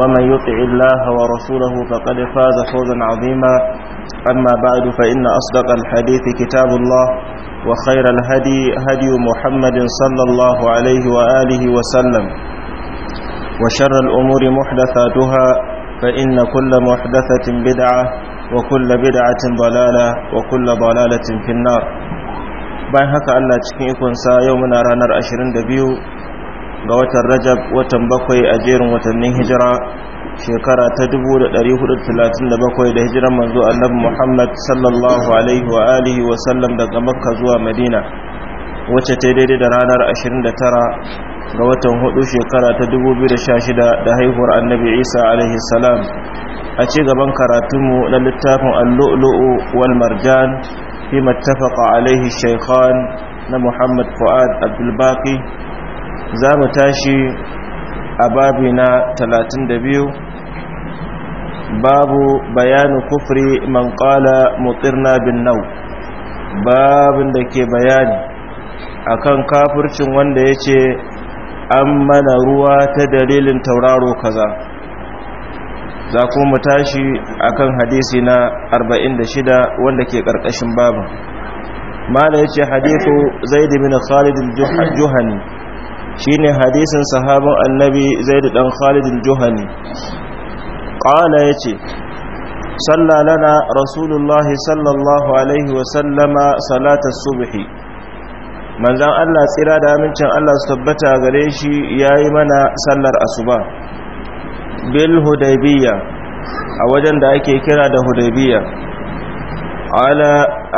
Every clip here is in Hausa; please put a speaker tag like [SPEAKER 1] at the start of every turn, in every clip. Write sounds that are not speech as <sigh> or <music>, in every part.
[SPEAKER 1] ومن يطع الله ورسوله فقد فاز فوزا عظيما أما بعد فإن أصدق الحديث كتاب الله وخير الهدي هدي محمد صلى الله عليه وآله وسلم وشر الأمور محدثاتها فإن كل محدثة بدعة وكل بدعة ضلالة وكل ضلالة في النار bayan haka Allah cikin ikonsa yau muna ranar 22 ga watan rajab watan bakwai a jerin watannin hijira shekara ta 1437 da hijiran manzo annabi muhammad sallallahu alaihi wa alihi wa sallam daga makka zuwa madina wacce ta daidai da ranar 29 ga watan hudu shekara ta 2016 da haihuwar annabi isa alaihi salam a ci gaban karatunmu na littafin allu'lu'u wal marjan fi mattafaqa alaihi shaykhan na muhammad fuad abdulbaki za mu tashi a babi na 32 babu bayanu kufri man qala mutirna bin nau babin da ke bayani akan kafircin wanda ya ce an mana ruwa ta dalilin tauraro kaza za kuma mu tashi akan hadisi na 46 wanda ke karkashin babin mala ya ce hadithu zaid bin khalid al-juhani shine hadisin sahabin annabi zaidu dan khalid juhani kala yace ce. lana Rasulullahi sallallahu alaihi wa sallama salata subhi manzan Allah tsira da amincin Allah su tabbata gare shi yayi mana sallar asuba bil hudaybiya a wajen da ake kira da hudabiya. ala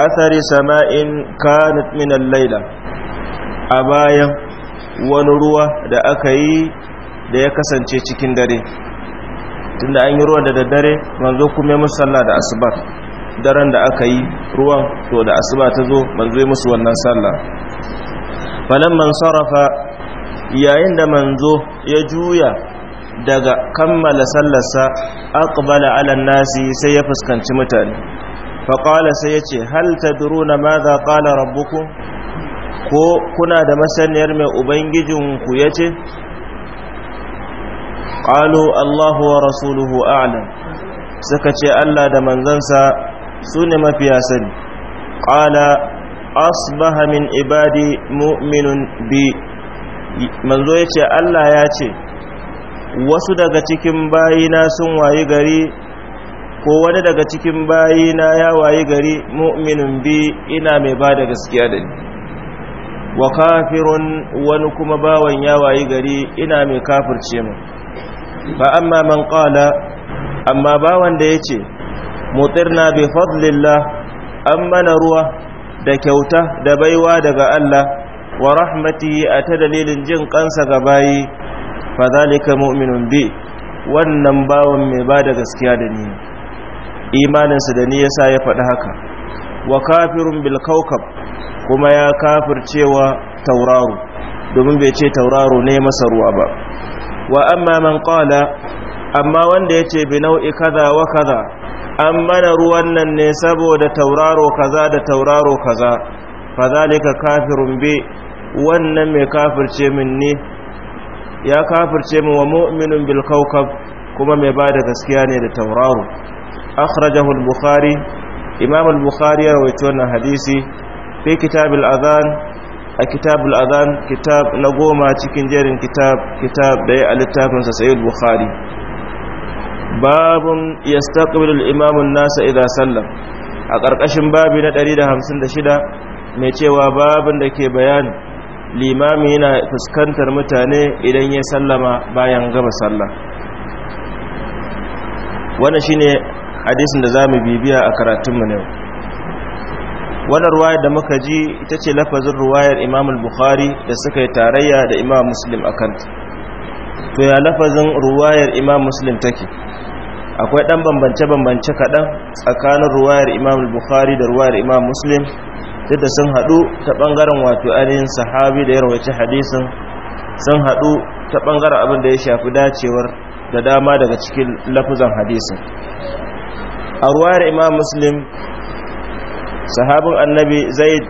[SPEAKER 1] athari sama'in kanat min laila a bayan wani ruwa da aka yi da ya kasance cikin dare tunda an yi ruwa da daddare manzo kuma ya musalla da asubar daren da aka yi ruwan to da asuba ta zo manzo ya musu wannan sallah man sarrafa yayin da manzo ya juya daga kammala sallarsa aqbala ala nasi sai ya fuskanci mutane faƙala sai yace hal tadruna madha qala rabbukum ko kuna da masaniyar mai ubangijinku ya ce ƙalo allahu wa rasuluhu a'lam suka ce allah da manzansa su ne mafiya sani ƙala asbaha min ibadi mu'minun bi manzo ya ce allah ya ce wasu daga cikin bayina sun wayi gari ko wani daga cikin bayina ya wayi gari mu'minun bi ina mai ba da gaskiya da ni wa kafirun wani kuma bawan yawayi gari ina mai kafirce mu Ba amma man kala amma bawan da ya ce mutirna bi fadlillah an mana ruwa da kyauta da baiwa daga Allah wa rahmati a ta dalilin jin kansa ga bayi fa zalika mu'minun bi wannan bawan mai ba da gaskiya da ni imaninsa da ni yasa ya faɗi haka wa kafirun bil kaukab kuma ya kafircewa tauraro domin bai ce tauraro ne masa ruwa ba wa amma man qala amma wanda yace bi nau'i kaza wa kaza an mana ruwan nan ne saboda tauraro kaza da tauraro kaza zalika kafirun bi wannan mai kafirce min ne ya kafirce min wa mu'minun bil kaukab kuma mai bada gaskiya ne da tauraro akhrajahu al-bukhari imam al-bukhari ya rawaito wannan hadisi fi kitab al-adhan a kitab al-adhan kitab na goma cikin jerin kitab kitab da ya littafin sa sayyid bukhari babun yastaqbilu al-imam an-nasa idha sallam a karkashin babi na 156 mai cewa babun da ke bayani limami yana fuskantar mutane idan ya sallama bayan gama sallah wannan shine hadisin da za mu bibiya a karatunmu ne wadda ruwayar da muka ji ita ce lafazin ruwayar imam al-bukhari da suka yi tarayya da imam muslim a kanta to ya lafazin ruwayar imam muslim take akwai ɗan bambance-bambance kaɗan tsakanin ruwayar imam al-bukhari da ruwayar imam muslim duk da sun haɗu ta ɓangaren wato ainihin sahabi da ya rawaci hadisin sun haɗu ta ɓangaren abin da ya shafi dacewar da dama daga cikin lafuzan hadisin a ruwayar imam muslim sahabin annabi zaid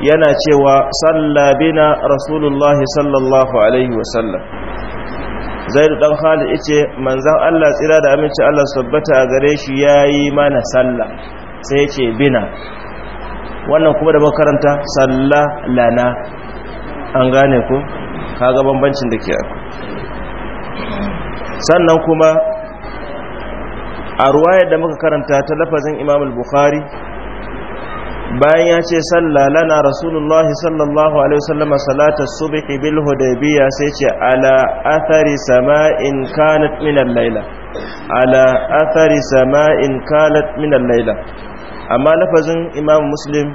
[SPEAKER 1] yana cewa sallabina rasulullahi sallallahu alaihi wasallam zaidu dan khalid yace manzan Allah tsira da aminci Allah tabbata a gare shi yayi mana sallah sai yace bina wannan kuma da makaranta salla lana an gane ku kaga bambancin da ke sannan kuma a ruwayar da muka karanta ta lafazin imam al-bukhari bayan ya ce sallalana rasulullah sallallahu alaihi wasallama salata subhi bil hudaybiyya sai ce ala athari sama'in kanat min al-laila ala athari sama'in kanat min al-laila amma lafazin imam muslim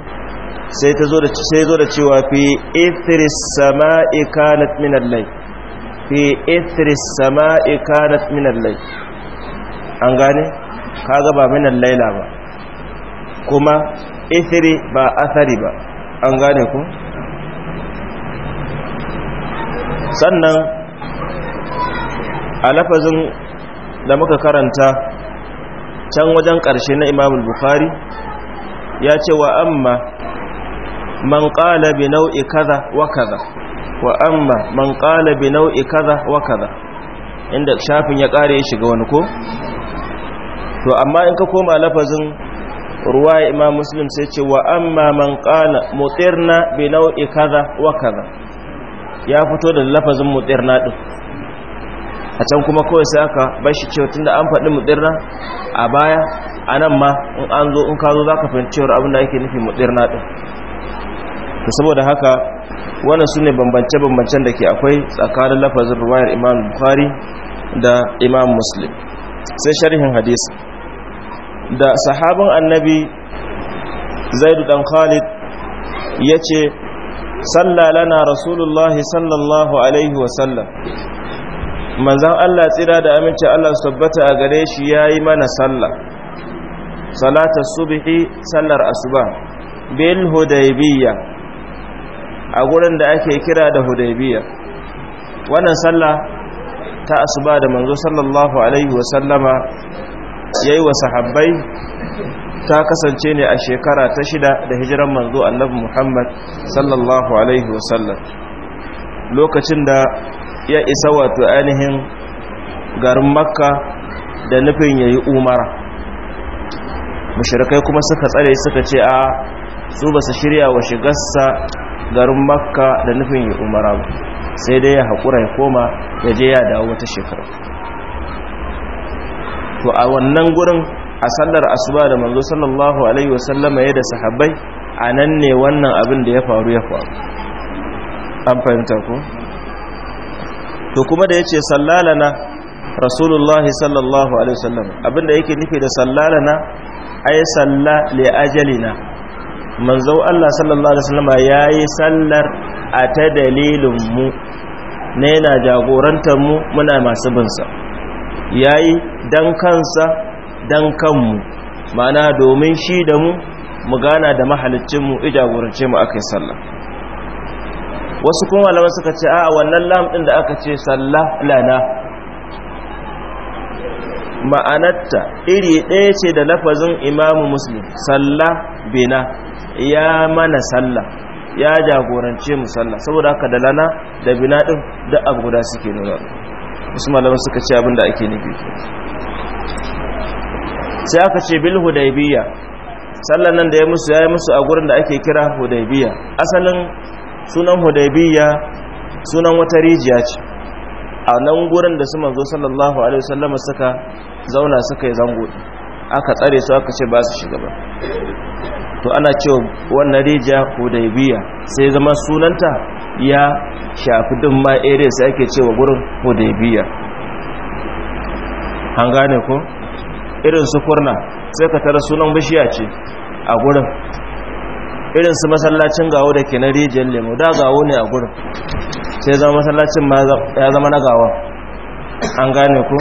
[SPEAKER 1] sai ta zo da sai zo da cewa fi athari sama'i kanat min al-lail fi athari sama'i kanat min al-lail an gane kaga ba minan laila ba kuma isiri ba asari ba an gane ku sannan a lafazin da muka karanta can wajen ƙarshe na imamul bukari ya ce wa amma man ƙala bi nau'i kaza wa kaza wa amma man ƙala bi nau'i kaza wa kaza inda shafin ya ƙare ya shiga wani ko to amma in ka koma lafazin ruwa imam muslim sai ce wa amma man kana mutirna bi nau'i kaza wa kaza ya fito da lafazin mutirna din a can kuma kawai sai aka bar shi cewa tunda an faɗi mutirna a baya anan ma in an zo in ka zo zaka fahimci cewa abin da ake nufi mutirna din to saboda haka wannan sune bambance bambancen da ke akwai tsakanin lafazin ruwayar imam bukhari da imam muslim sai sharhin hadisi da sahabin annabi zaidu dan khalid ya ce sallalana rasulullahi sallallahu alaihi wasallam manzan allah tsira da aminci allah su tabbata a gare shi ya yi mana sallah salatar subihi sallar asuba bil hudaibiyya a gurin da ake kira da hudaibiyya wannan sallah ta asuba da manzo sallallahu alaihi wasallama ya yi wa sahabbai ta kasance ne a shekara ta shida da hijiran manzo annabi muhammad sallallahu alaihi wasallam lokacin da ya isa wato ainihin garin makka da nufin ya yi umara mashirkai kuma suka tsare suka ce a su ba su shirya wa shigarsa garin makka da nufin ya umara sai dai ya haƙura ya koma ya je ya dawo wata shekara to a wannan gurin a sallar asuba da manzo sallallahu alaihi wasallama ya da sahabbai a nan ne wannan abin da ya faru ya faru an fahimta ko to kuma da yace sallalana rasulullahi sallallahu alaihi sallam, abin da yake nufi da sallalana ay salla li ajalina manzo Allah sallallahu alaihi wasallama yayi sallar a ta dalilin mu ne na jagorantar mu muna masu bin sa yayi dan kansa dan kanmu ma'ana domin shi da mu mu gana da mahalicinmu ijagorance mu akai sallah wasu kuma malaman suka ce a wannan lam din da aka ce sallah lana ma'anarta iri ɗaya ce da lafazin imamu muslim sallah bina ya mana sallah ya jagorance mu sallah saboda haka da lana da bina ɗin da abu guda suke nuna wasu malaman suka ce abinda ake nufi sai aka ce bil hudaybiya sallan nan da ya musu ya yi musu a gurin da ake kira hudaibiya asalin sunan hudaybiya sunan wata rijiya ce a nan gurin da su manzo sallallahu alaihi wasallam suka zauna suka yi zango aka tsare su aka ce ba su shiga ba to ana ce wannan rijiya hudaybiya sai zama sunanta ya shafi din ma area sai ake cewa gurin hudaybiya an gane ko irin su kurna sai ka tara sunan bishiya ce a gurin irin su masallacin gawo da ke na rijiyar lemu da gawo ne a gurin sai zama masallacin ya zama na gawa an gane ku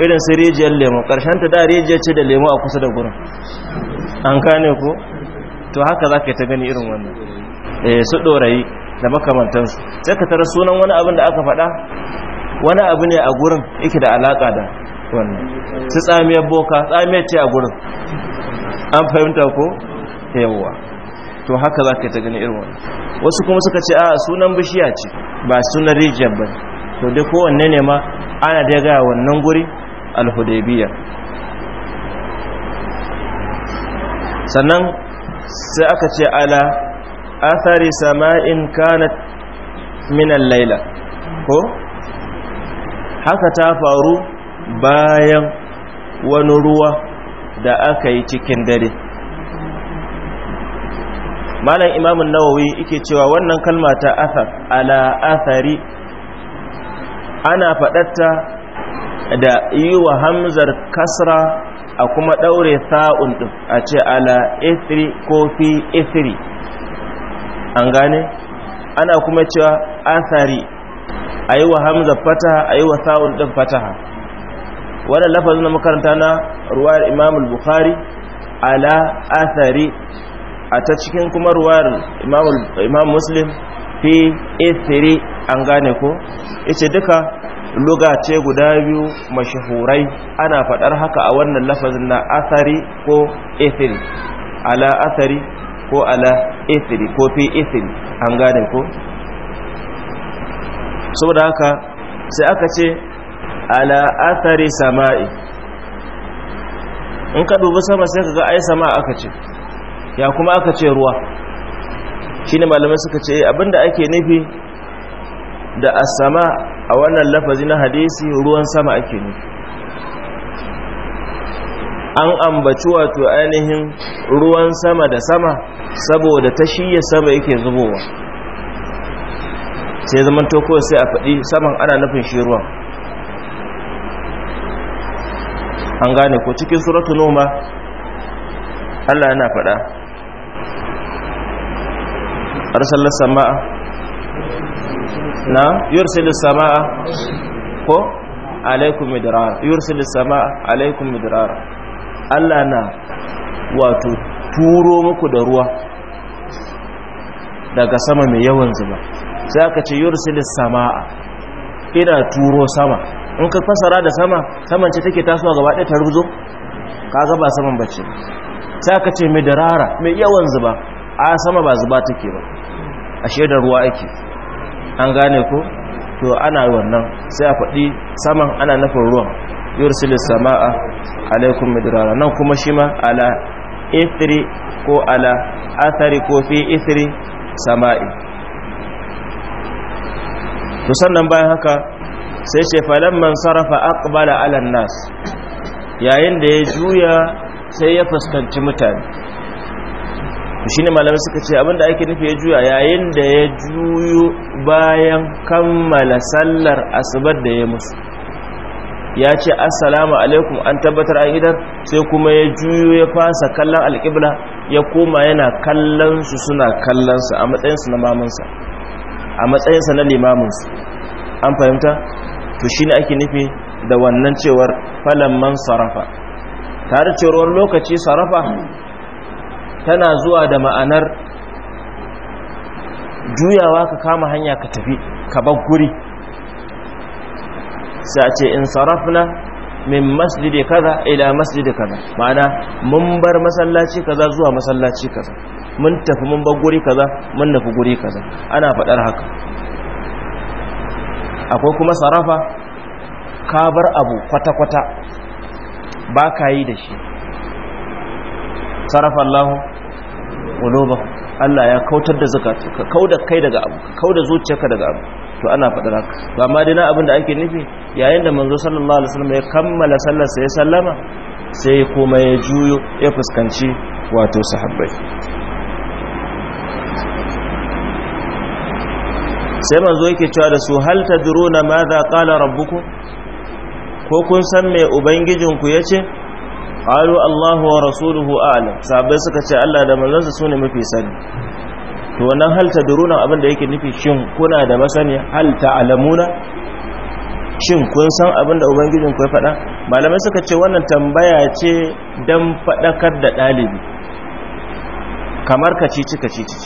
[SPEAKER 1] irin su rijiyar lemu ƙarshen ta da rijiyar ce da lemu a kusa da gurin an gane ku to haka za ka ta gani irin wannan eh, su ɗorayi da makamantansu sai ka tara sunan wani abin da aka faɗa wani abu ne a gurin yake da alaƙa da wannan su tsamiyar boka tsamiyar ce a gurin an fahimta ko yawwa to haka za ka ta gani irin wannan wasu kuma suka ce a sunan bishiya ce ba sunan rijiyar ba to dai kowanne ne ma ana da gaya wannan guri alhudaibiyya sannan sai aka ce ala athari sama'in kanat minan laila ko haka ta faru bayan wani ruwa da aka yi cikin dare malam imamun nawawi yake cewa wannan kalma ta athar ala athari ana faɗatta da yi wa hamzar kasra a kuma ɗaure sa'un ɗin a ce ala isri ko fi isri an gane ana kuma cewa asari a yi wa hamza fataha a yi wa sa'un ɗin fataha wadda lafazin na makaranta na ruwayar imamul bukhari ala asari a ta cikin kuma ruwar imam muslim fi isri an gane ko ita duka luga ce guda biyu mashahurai ana faɗar haka a wannan lafazin na athari ko ethel ala athari ko ala ethel ko fi ethel an gane ko saboda haka sai aka ce ala athari sama'i in ka dubi sama sai ka ga ai sama aka ce ya kuma aka ce ruwa shine malamai suka ce eh, abinda ake nufi da asama a wannan lafazi na hadisi ruwan sama ake nufi an ambaci wato ainihin ruwan sama da sama saboda ta shiya sama yake zubowa sai zaman toko sai a faɗi saman ana nufin shi ruwan an gane ko cikin suratu noma allah yana faɗa arsallar sama'a na yursilu samaa ko alaikum midrar yursilu samaa alaikum midrar Allah na wato turo muku da ruwa daga sama mai yawan zuba sai aka ce yursilu samaa ina turo sama in ka fasara da sama saman ce take tasowa gaba ɗaya ta rubuzo kaga ba saman bace sai aka ce mai mai yawan zuba a sama ba zuba take ba ashe da ruwa ake an gane ko to ana wannan sai a faɗi saman ana nufin ruwan yursilis sama'a alaikum midrara nan kuma shi ma ala ithri ko ala athari ko fi ithri sama'i to sannan bayan haka sai ce man sarrafa aqbala ala nas yayin da ya juya sai ya fuskanci mutane to shine malamai suka ce abinda ake nufi ya juya yayin da ya juyo bayan kammala sallar asubar da ya musu ya ce assalamu alaikum an tabbatar an idar sai kuma ya juyo ya fasa kallon alƙibla ya koma yana kallon su suna kallon a matsayinsu na mamansa a matsayinsa na limaminsu an fahimta to shine ake nufi da wannan cewar falan man sarafa tare cewar lokaci sarafa tana zuwa da ma'anar juyawa ka kama hanya ka tafi ka bar guri sai a ce in sarafna min masjidi kaza ila masjidi kaza ma'ana mun bar masallaci kaza zuwa masallaci kaza mun tafi mun bar guri kaza mun nufi guri kaza ana faɗar haka akwai kuma sarafa ka bar abu kwata-kwata ba ka yi da shi sarafa Allah quluba Allah ya kautar da zakatu ka kauda kai daga abu ka kauda zuciyarka daga abu to ana faɗar haka to amma dai na abin da ake nufi yayin da manzo sallallahu alaihi wasallam ya kammala sallar sa ya sallama sai kuma ya juyo ya fuskanci wato sahabbai sai manzo yake cewa da su hal tadruna madha qala rabbukum ko kun san me ubangijinku yace قالوا Allahu wa rasuluhu sabai suka ce Allah da manzansa sune mafi sani to wannan hal tadruna abin da yake nufi shin kuna da masani hal ta'lamuna shin kun san abin da ubangijin ku ya faɗa malamai suka ce wannan tambaya ce dan faɗakar da ɗalibi kamar ka ci ci ci ci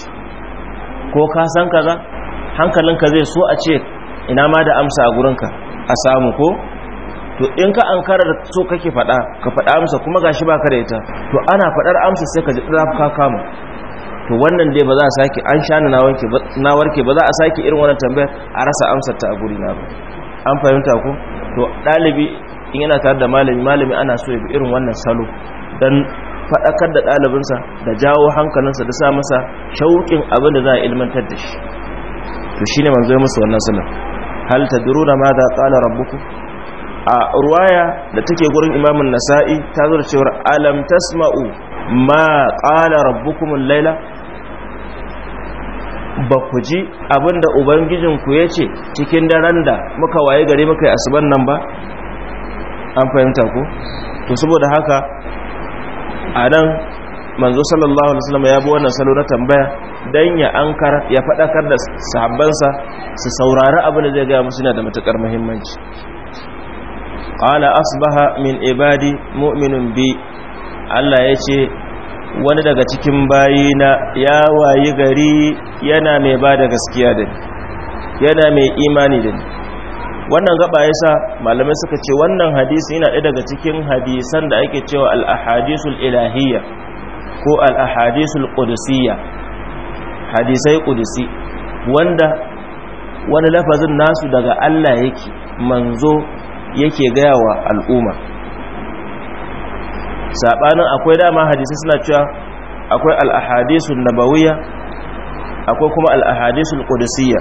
[SPEAKER 1] ko ka san kaza hankalinka zai so a ce ina ma da amsa a gurinka a samu ko to in ka an da so kake faɗa ka faɗa amsa kuma gashi ba ka da ita to ana faɗar amsa sai ka ji ɗan ka kama to wannan dai ba za a sake an shani na warke ba za a sake irin wannan tambayar a rasa amsar ta a guri na ba an fahimta ku? to ɗalibi in yana tare da malami malami ana so ya bi irin wannan salo dan faɗakar da ɗalibinsa da jawo hankalinsa da sa masa shauƙin abin da za a ilmantar da shi to shine manzo ya musu wannan sunan hal tadruna ma da qala rabbukum a ruwaya da take gurin imamun nasa'i ta zo da cewar alam tasma'u ma qala rabbukum laila ba ku ji abinda ubangijinku ce, cikin daren da muka waye gare muka yi asuban nan ba an fahimta ko to saboda haka a nan manzo sallallahu alaihi wasallam ya bi wannan salo na tambaya dan ya ankara ya fadakar da sahabbansa su saurari abin da zai ga musu yana da matukar muhimmanci qala asbaha min ibadi mu'minun bi Allah yace wani daga cikin bayina ya wayi gari yana mai bada gaskiya da yana mai imani da wannan gaba yasa malamai suka ce wannan hadisi yana ɗaya daga cikin hadisan da ake cewa al-ahadisul ilahiyya ko al-ahadisul hadisai qudusi wanda wani lafazin nasu daga Allah yake manzo yake gaya wa al'umma saɓanin akwai dama hadisai suna cewa akwai al'ahadisun nabawiyya akwai kuma al'ahadisun ƙudusiyya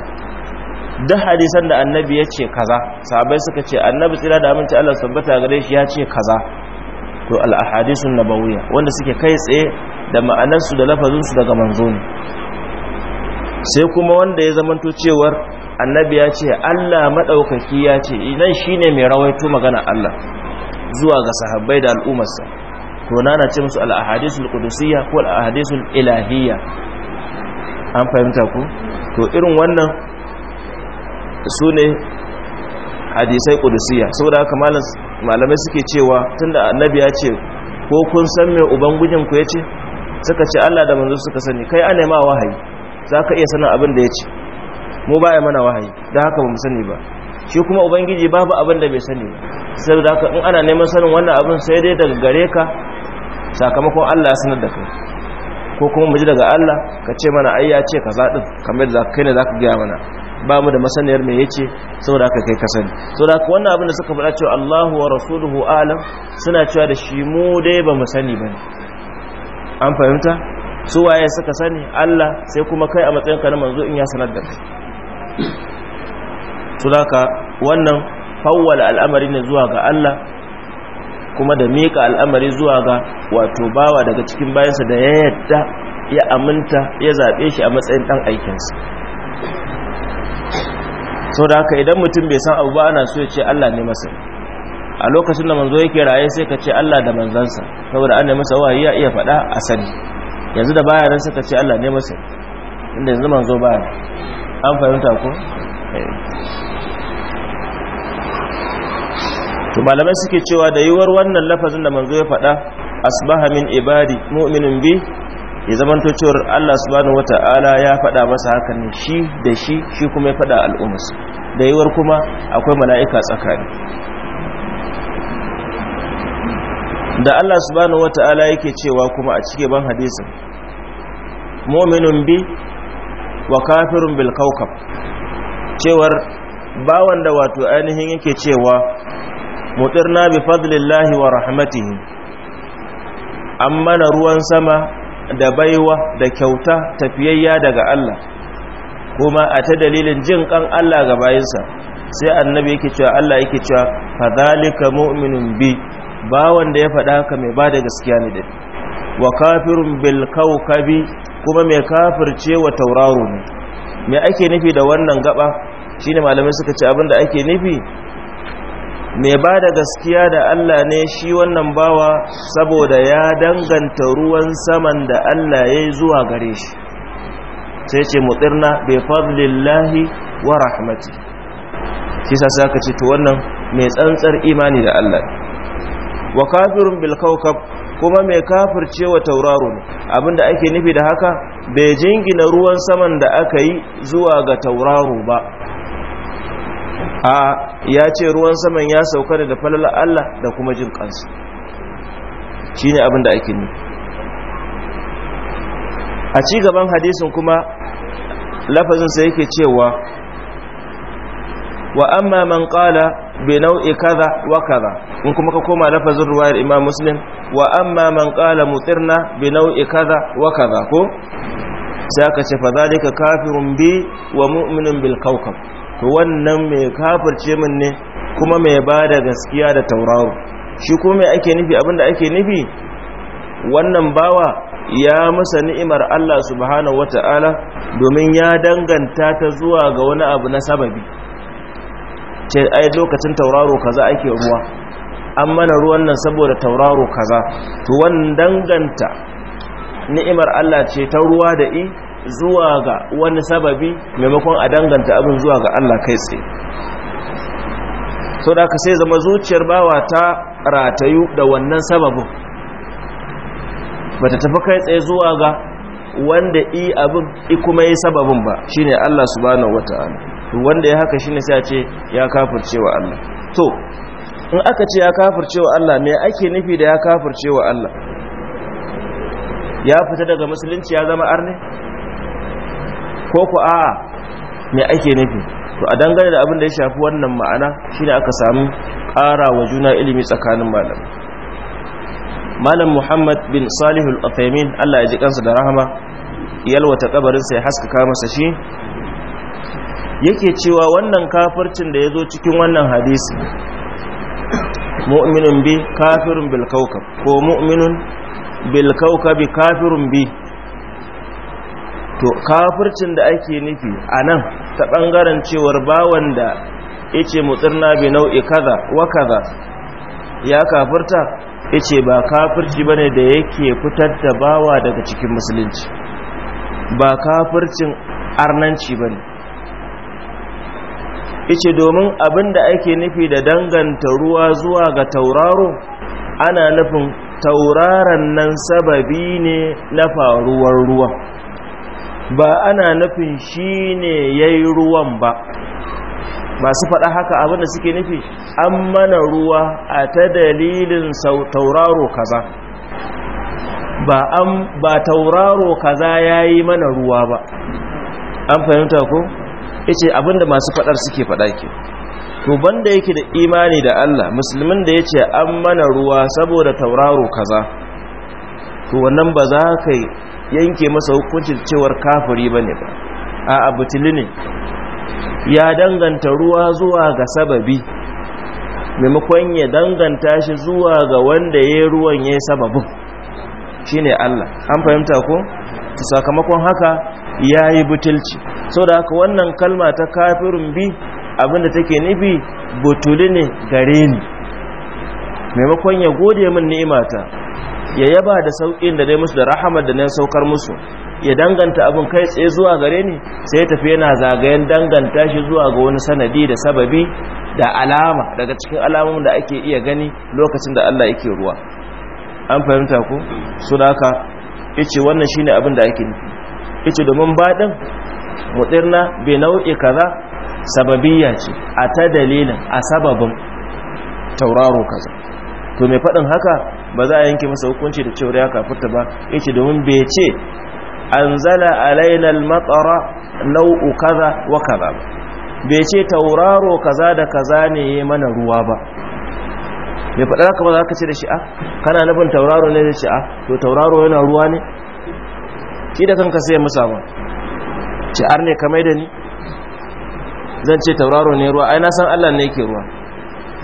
[SPEAKER 1] duk hadisan da annabi ya ce kaza sabai suka ce annabi tsira da aminci Allah sabbata gare shi ya ce kaza to al'ahadisun nabawiyya wanda suke kai tsaye da ma'anarsu da lafazinsu daga manzo sai kuma wanda ya zamanto cewar annabi ya ce Allah maɗaukaki ya ce nan shi ne mai rawaito magana Allah zuwa ga sahabbai da al'ummarsa to na ce musu al'ahadisul qudusiyya ko al'ahadisul ilahiyya an fahimta ku to irin wannan su ne hadisai sau da haka malamai suke cewa tunda annabi ya ce ko kun san me ubangujin ku ce suka ce Allah da manzo suka sani kai ana ma wahayi ka iya sanin abin da ya ce. mu ba ya mana wahayi da haka ba mu sani ba shi kuma ubangiji babu abin da bai sani ba saboda haka in ana neman sanin wannan abin sai dai daga gare ka sakamakon Allah ya sanar da kai ko kuma mu ji daga Allah ka ce mana ai ya ce ka kamar da kai ne zaka gaya mana ba mu da masaniyar me yace saboda haka kai ka sani saboda haka wannan abin da suka faɗa cewa Allahu wa rasuluhu alam suna cewa da shi mu dai ba mu sani bane an fahimta su waye suka sani Allah sai kuma kai a matsayin ka na manzo in ya sanar da kai sulaka wannan fawwala al'amari ne zuwa ga Allah kuma da mika al'amari zuwa ga wato bawa daga cikin bayansa da ya yadda ya aminta ya zaɓe shi a matsayin ɗan aikinsa sau da haka idan mutum bai san abu ba ana so ya ce Allah ne masa a lokacin da manzo yake raye sai ka ce Allah da manzansa saboda an masa wahayi ya iya faɗa a sani yanzu da baya nan sai ka ce Allah ne masa inda yanzu manzo baya an fahimta ko eh. to malamai suke cewa da yiwuwar wannan lafazin da manzo ya faɗa asbaha min ibadi mu'minin bi ya zamanto cewar Allah subhanahu wata'ala ya faɗa masa hakan ne shi da shi shi kuma ya faɗa al'ummas da yiwuwar kuma akwai mala'ika tsakani da Allah subhanahu wata'ala yake cewa kuma a cikin ban hadisin mu'minun bi wa kafirun bil kaukab cewar bawan da wato ainihin yake cewa mutirna bi fadlillahi wa rahmatihi amma na ruwan sama da baiwa da kyauta tafiyayya daga Allah kuma a ta dalilin jin kan Allah ga bayinsa sai annabi yake cewa Allah yake cewa fadhalika mu'minun bi bawan da ya faɗa haka mai ba da gaskiya ne dai. wa kafirun bil kawkabi kuma mai kafirce wa tauraro ne me ake nufi da wannan gaba shine malamai suka ce abinda ake nufi mai ba da gaskiya da Allah ne shi wannan bawa saboda ya danganta ruwan saman da Allah ya zuwa gare shi sai ce mutsirna bai fadlillahi wa rahmati kisa sa ka ce to wannan mai tsantsar imani da Allah wa kafirun bil kawkab kuma mai wa tauraro ne abinda ake nufi da haka bai jingina ruwan saman da aka yi zuwa ga tauraro ba a ya ce ruwan saman ya sauka da falala Allah da kuma jin kansa ne abinda ake nufi a ci gaban hadisin kuma lafazinsa yake cewa wa amma man kala. bi nau'i kaza wa kaza in kuma ka koma lafazin ruwayar imam muslim wa amma man qala mutirna bi nau'i kaza wa kaza ko sai aka ce fa zalika kafirun bi wa mu'minun bil kawkab to wannan mai kafirce min ne kuma mai bada gaskiya da tauraro shi ko mai ake nufi abinda ake nufi wannan bawa ya masa ni'imar Allah subhanahu wata'ala domin ya danganta ta zuwa ga wani abu na sababi ce ai lokacin tauraro kaza ake ruwa an mana ruwan nan saboda tauraro kaza to wannan danganta ni'imar Allah ce ta ruwa da i zuwa ga wani sababi maimakon a danganta abin zuwa ga Allah kai tsaye so da ka sai zama zuciyar bawa ta ratayu da wannan sababin bata tafi kai tsaye zuwa ga wanda i abin i kuma yi sababin ba shine Allah subhanahu wataala to wanda ya haka shine sai a ce ya kafircewa Allah to in aka ce ya kafircewa Allah me ake nufi da ya kafircewa Allah ya fita daga musulunci ya zama arne ko ku a me ake nufi to a dangane da abin da ya shafi wannan ma'ana shine aka samu ƙara wa juna ilimi tsakanin malam. malam muhammad bin salihul uthaymin Allah ya ji kansa da rahama yalwata kabarin sai haskaka masa shi yake cewa wannan kafircin da ya zo cikin wannan hadisi mu'minun bi kafirun bil ko mu'minun bil kaukabi kafirun bi to kafircin da ake nufi a nan ta ɓangaren cewar bawan da ya ce mutsirna bi nau'i kaza wa kaza ya kafirta ya ce ba kafirci ba da yake fitar da bawa daga cikin musulunci ba kafircin arnanci bane ne yace domin abin da ake nufi da danganta ruwa zuwa ga tauraro ana nufin tauraron nan sababi ne na faruwar ruwa ba ana nufin shi ne ya yi ruwan ba masu faɗa haka abin da suke nufi an mana ruwa a ta dalilin tauraro kaza ba ba tauraro kaza ya yi mana ruwa ba an fahimta ko? yace abinda masu fadar suke fada ke to banda yake da imani da Allah musulmin da ya ce an mana ruwa saboda tauraro kaza to wannan ba za ka yanke masa hukuncin cewar kafiri ne ba a abutuli ne ya danganta ruwa zuwa ga sababi maimakon ya danganta shi zuwa ga wanda ya ruwan ya sababin ne Allah an fahimta ko sakamakon haka ya yi butulci sau da haka wannan kalma ta kafirin bi abinda take nufi butuli ne gare ni maimakon ya gode min ni'imata ya yaba da sauƙin da dai musu da rahama da na saukar musu ya danganta abin kai tsaye zuwa gare ni sai ya tafi yana zagayen danganta shi zuwa ga wani sanadi da sababi da alama daga cikin alamun da ake iya gani lokacin da Allah yake ruwa an fahimta ku su da haka yace wannan shine abin da ake nufi yace domin baɗin mutirna bi nau'i kaza sababiyya ce a ta dalilin a sababin tauraro kaza to me faɗin haka ba za a yanke masa hukunci da cewa ya kafurta ba yace domin bai ce anzala alaina al-matara nau'u kaza wa kaza bai ce tauraro kaza da kaza ne ya mana ruwa ba me fadin haka ba za ka ce da shi a ah, kana nufin tauraro ne da shi a ah, to tauraro yana ruwa ne shi da kanka sai musa ba ce ar ne kamar da ni zan ce tauraro ne ruwa ai na san Allah ne yake ruwa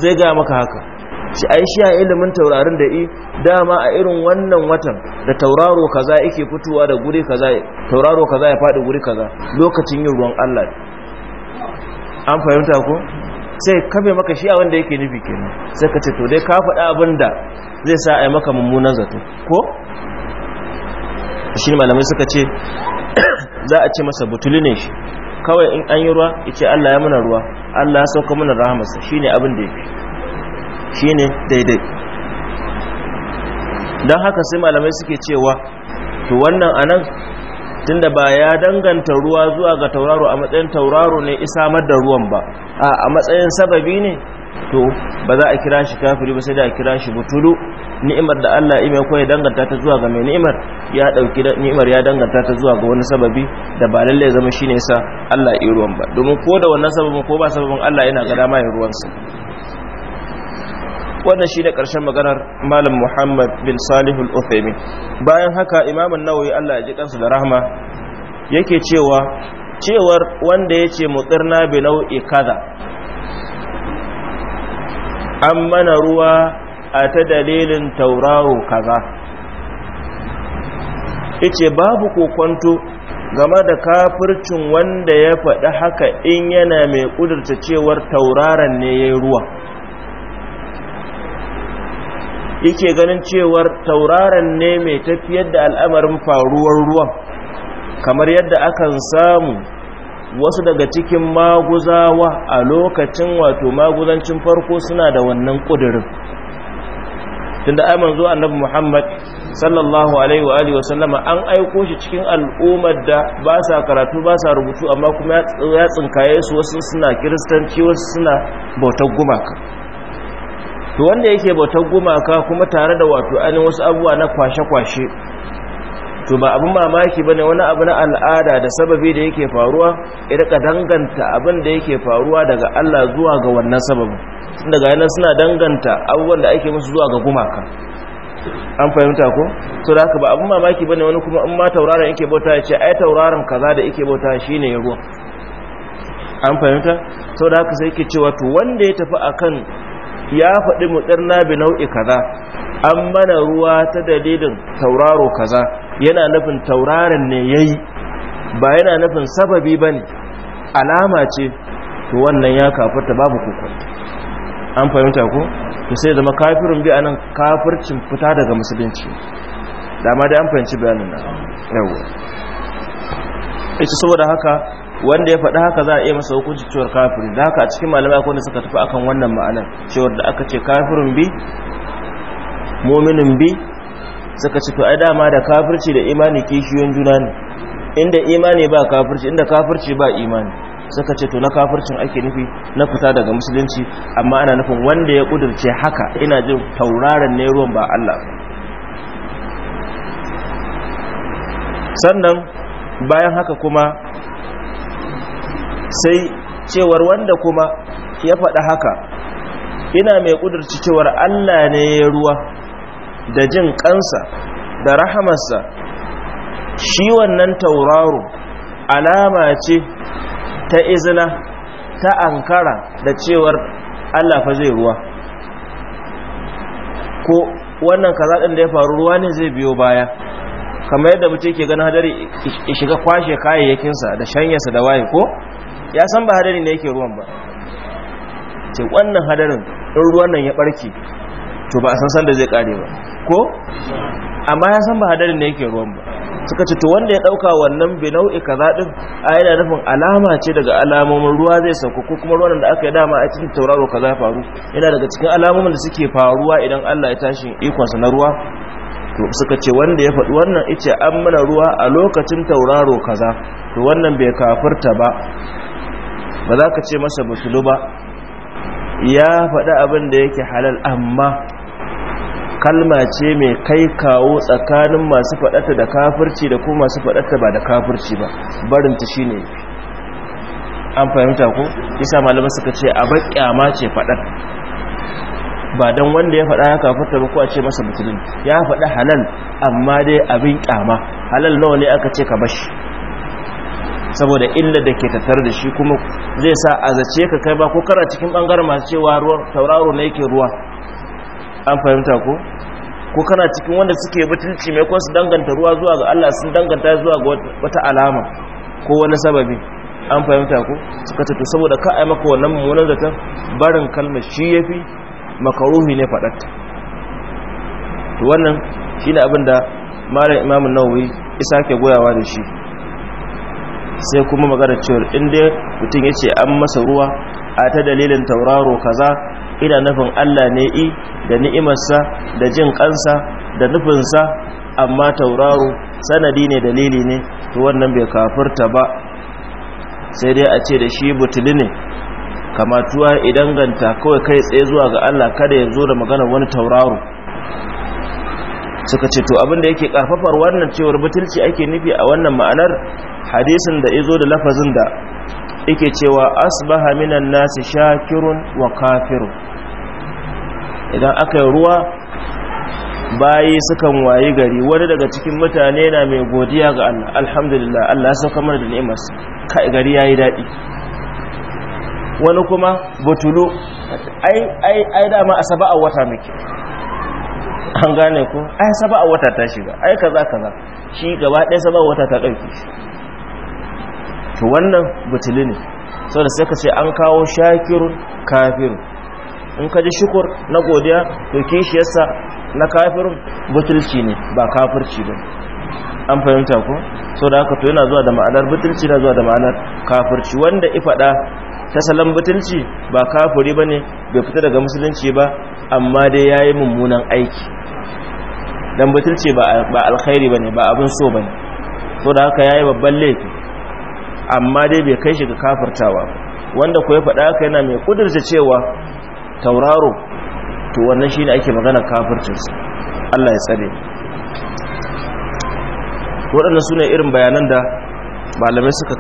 [SPEAKER 1] zai ga maka haka shi ai shi a ilimin taurarin da i dama a irin wannan watan da tauraro kaza yake fitowa da guri kaza tauraro kaza ya fadi guri kaza lokacin yin ruwan Allah an fahimta ko sai kafe maka shi a wanda yake nufi kenan sai ka ce to dai ka faɗa abin da zai sa a yi maka mummunan zato ko shi malamai suka ce <coughs> za a ce masa butulinin shi kawai in an yi ruwa yace Allah ya muna ruwa Allah ya sauka muna rahamarsa ne abin da ya fi shi ne daidai Don haka sai malamai suke cewa to wannan anan tunda ba ya danganta ruwa zuwa ga tauraro a matsayin tauraro ne isamar da ruwan ba a matsayin sababi ne to ba za a kira shi kafiri ba sai da a kira shi butulu ni'imar da Allah ya ko ya danganta ta zuwa ga mai ni'imar ya dauki ni'imar ya danganta ta zuwa ga wani sababi da ba lalle zama shine sa Allah ya ruwan ba domin ko da wannan sababin ko ba sababin Allah yana ga dama ya ruwan sa wannan shi karshen maganar malam muhammad bin Salihu uthaymi bayan haka an nawawi allah ya ji kansu da rahama yake cewa cewar wanda ya ce mutsirna bi nau'i kaza an mana ruwa a ta dalilin tauraro kaza ice babu kokwanto game da kafircin wanda ya faɗi haka in yana mai ƙudurta cewar tauraron ne ya ruwa yake ganin cewar tauraron ne mai tafiyar da al'amarin faruwar ruwan kamar yadda akan samu wasu daga cikin maguzawa a lokacin wato maguzancin farko suna da wannan ƙudurin tunda ai manzo annabi Muhammad sallallahu alaihi wa alihi wasallama an aiko shi cikin al'ummar da ba sa karatu ba sa rubutu amma kuma ya tsinkaye su wasu suna kiristanci wasu suna bautar gumaka to wanda yake bautar gumaka kuma tare da wato ainihin wasu abubuwa na kwashe-kwashe to ba abin mamaki bane wani abu na al'ada da sababi da yake faruwa ya rika danganta abin da yake faruwa daga Allah zuwa ga wannan sababin tun daga yana suna danganta abubuwan da ake musu zuwa ga gumaka an fahimta ko to da haka ba abin mamaki bane wani kuma in ma tauraron yake bauta ya ce ai tauraron kaza da yake bauta shine ya an fahimta to da haka sai yake cewa to wanda ya tafi akan ya faɗi mutsirna bi nau'i kaza an mana ruwa ta dalilin tauraro kaza yana nufin tauraron ne ya yi ba yana nufin sababi ba ne alama ce to wannan ya kafarta babu kuku an fahimta ko to sai zama kafirin bi anan kafircin fita daga musulunci dama da an fahimci bayanin nan yawon ita saboda haka wanda ya faɗi haka za a iya masa hukunci cewar kafirin da haka a cikin malamai akwai wanda suka tafi akan wannan ma'anar cewar da aka ce kafirin bi muminin bi suka ci to ai dama da kafirci da imani kishiyoyin juna ne inda imani ba kafirci inda kafirci ba imani suka ce to na kafircin ake nufi na fita daga musulunci amma ana nufin wanda ya kudurce haka ina jin tauraron ne ruwan ba Allah sannan bayan haka kuma sai cewar wanda kuma ya faɗa haka ina mai kudurci cewar Allah ne ya ruwa da jin kansa da rahamarsa shi wannan tauraro alama ce ta izina ta ankara da cewar Allah fa zai ruwa ko wannan kaza din da ya faru ruwa ne zai biyo baya kamar yadda ce ke ganin hadari shiga kwashe kayayyakinsa da shanyarsa da waye ko ya san ba hadari ne yake ruwan ba ce wannan hadarin in ruwan nan ya ɓarke. to ba a san sanda zai kare ba ko amma ya san ba hadarin da yake ruwan ba suka ce to wanda ya dauka wannan bi nau'i kaza din a yana nufin alama ce daga alamomin ruwa zai sauko ko kuma ruwan da aka yi dama a cikin tauraro kaza faru yana daga cikin alamomin da suke faruwa idan Allah ya tashi ikon sa na ruwa to suka ce wanda ya faɗi wannan ice an mana ruwa a lokacin tauraro kaza to wannan bai kafirta ba ba za ka ce masa musulu ba ya faɗi abin da yake halal amma kalma ce mai kai kawo tsakanin masu faɗata da kafirci da kuma masu faɗata ba da kafirci ba barinta shi ne an fahimta ku? isa malamai suka ce a baƙyama ce faɗar ba don wanda ya faɗa ya kafirta ba kuwa a ce masa mutum ya faɗa halal amma dai abin ƙyama halal nawa ne aka ce ka bashi saboda illa da ke tattar da shi kuma zai sa a zace ka kai ba ko kara cikin ɓangaren masu cewa ruwan tauraro na yake ruwa an fahimta ko ko kana cikin wanda suke butulci mai kwansu danganta ruwa zuwa ga Allah sun danganta zuwa ga wata alama ko wani sababi an fahimta ko suka ce to saboda ka ai maka wannan mummunan zaton barin kalmar shi yafi makaruhi ne fadatta to wannan shine abin da malam Imam Nawawi isa ke goyawa da shi sai kuma magana cewa in dai mutum yace an masa ruwa a ta dalilin tauraro kaza ina nufin Allah ne i da ni'imarsa da jin kansa da nufinsa amma tauraro sanadi ne dalili ne to wannan bai kafirta ba sai dai a ce da shi butuli ne kamatuwa idan ganta kawai kai tsaye zuwa ga Allah kada ya zo da maganar wani tauraro suka ce to abinda yake karfafar wannan cewar butulci ake nufi a wannan ma'anar hadisin da izo da lafazin da yake cewa asbaha minan nasi shakirun wa kafirun idan aka yi ruwa bayi sukan wayi gari wani daga cikin mutane na mai godiya ga Allah alhamdulillah Allah ya sauka mana da ni'imarsa kai gari yayi dadi wani kuma butulu ai ai ai dama asaba a wata muke an gane ko ai saba a wata ta shiga ai kaza kaza shi gaba ɗaya saba a wata ta ɗauke shi to wannan butuli ne saboda sai ka ce an kawo shakirun kafirun in ka ji shukur na godiya to yasa na kafirun butulci ne ba kafirci ba an fahimta ko sau da haka to yana zuwa da ma'anar butulci na zuwa da ma'anar kafirci wanda ifada ta salon butulci ba kafuri ba ne bai fita daga musulunci ba amma dai ya yi mummunan aiki Dan butulci ba alkhairi ba ne ba abin so ba ne Sau da haka ya yi babban laifi amma dai bai kai shi ga kafirtawa wanda ku ya faɗa haka yana mai kudirce cewa tauraro to wannan ne ake magana kafircinsa Allah ya tsare waɗannan su ne irin bayanan da malamai suka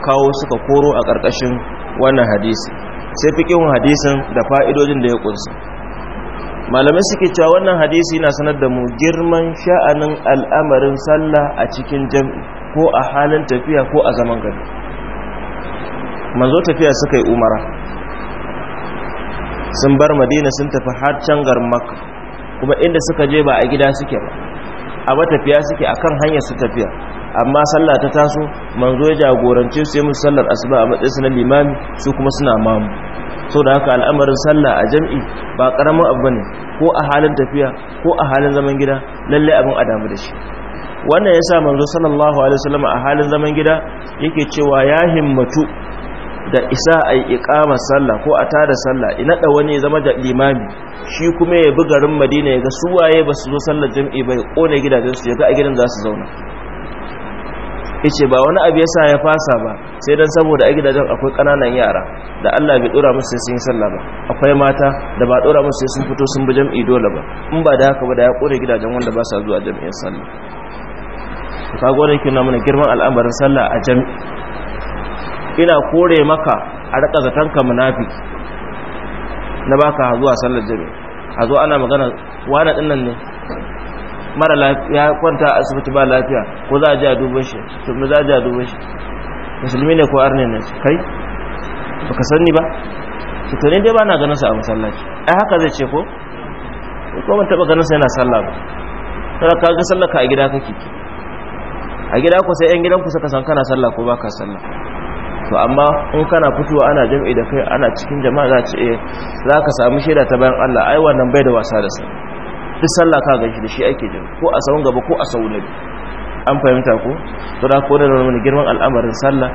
[SPEAKER 1] kawo suka koro a ƙarƙashin wannan hadisi sai fikin hadisin da fa'idojin da ya ƙunsa malamai suke cewa wannan hadisi yana sanar da mu girman sha'anin al'amarin sallah a cikin jam'i ko a halin tafiya ko a zaman gari manzo tafiya suka yi umara sun bar madina sun tafi har can makka kuma inda suka je ba a gida suke ba a matafiya suke akan hanyar su tafiya amma sallah ta taso manzo ya jagorance su yi musu sallar asuba a matsayin na limami su kuma suna mamu sau da haka al'amarin sallah a jam'i ba ƙaramin abu ne ko a halin tafiya ko a halin zaman gida lalle abin a damu da shi wannan ya sa manzo sallallahu alaihi wasallam a halin zaman gida yake cewa ya himmatu da isa a iqamar sallah ko a tada sallah ina da wani zama da limami shi kuma ya bi garin Madina ya ga su waye ba su zo sallar jam'i ba ya kone gidajen su ya ga a gidan za su zauna yace ba wani abu yasa ya fasa ba sai dan saboda a gidajen akwai kananan yara da Allah bai dora musu sai sun yi sallah ba akwai mata da ba dora musu sai sun fito sun bi jam'i dole ba in ba da haka ba da ya kore gidajen wanda ba sa zuwa jami'in sallah ka gode ki na mana girman al'amarin sallah a jam'i ina kore maka a raka zatan ka munafi na baka zuwa sallar jami'i a zo ana magana wani dinnan ne mara lafiya ya kwanta a asibiti ba lafiya ko za a ji a duba shi to za a ji a shi musulmi ne ko arne ne kai baka sani ba to ne dai ba na ganin sa a masallaci ai haka zai ce ko ko ban taba ganin sa yana sallah ba kada ka ga sallah ka a gida kake a gida ko sai yan gidan ku suka san kana sallah ko baka sallah to amma in kana fitowa ana jami'i da kai ana cikin jama'a za ce eh za ka samu shaida ta bayan Allah ai wannan bai da wasa da sallah duk sallah ka ganshi da shi ake jin ko a sahun gaba ko a sahun nabi an fahimta ko to da ko da wani girman al'amarin sallah